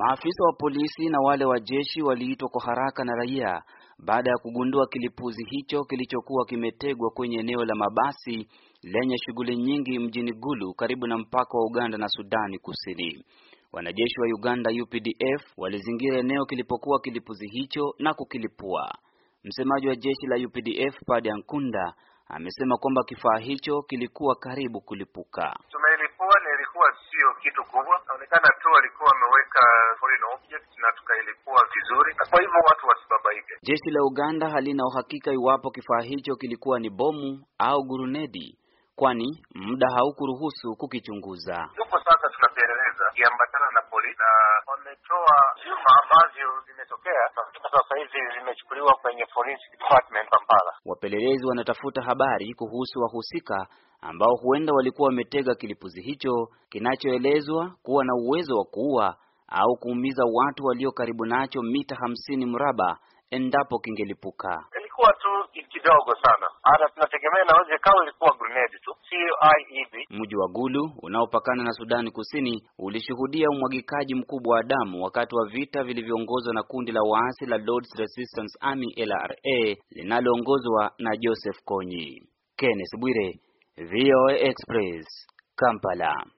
Maafisa wa polisi na wale wa jeshi waliitwa kwa haraka na raia baada ya kugundua kilipuzi hicho kilichokuwa kimetegwa kwenye eneo la mabasi lenye shughuli nyingi mjini Gulu karibu na mpaka wa Uganda na Sudani Kusini. Wanajeshi wa Uganda UPDF walizingira eneo kilipokuwa kilipuzi hicho na kukilipua. Msemaji wa jeshi la UPDF Padi Ankunda amesema kwamba kifaa hicho kilikuwa karibu kulipuka. Tume kitu kubwa. Inaonekana tu walikuwa wameweka foreign object na tukailipua vizuri, na kwa hivyo watu wasibabaike. Jeshi la Uganda halina uhakika iwapo kifaa hicho kilikuwa ni bomu au gurunedi, kwani muda haukuruhusu kukichunguza. Tuko sasa tunapeleleza kiambatana na polisi, na wametoa ambavyo vimetokea sasa hivi vimechukuliwa kwenye Forensic Department Kampala. Wapelelezi wanatafuta habari kuhusu wahusika ambao huenda walikuwa wametega kilipuzi hicho kinachoelezwa kuwa na uwezo wa kuua au kuumiza watu walio karibu nacho mita hamsini mraba endapo kingelipuka ilikuwa tu kidogo sana, hata tunategemea inaweza ikawa ilikuwa grenade tu, sio IED. Mji wa Gulu unaopakana na Sudani Kusini ulishuhudia umwagikaji mkubwa wa damu wakati wa vita vilivyoongozwa na kundi la waasi la Lord's Resistance Army LRA linaloongozwa na Joseph Kony. Kenneth Bwire, VOA Express, Kampala.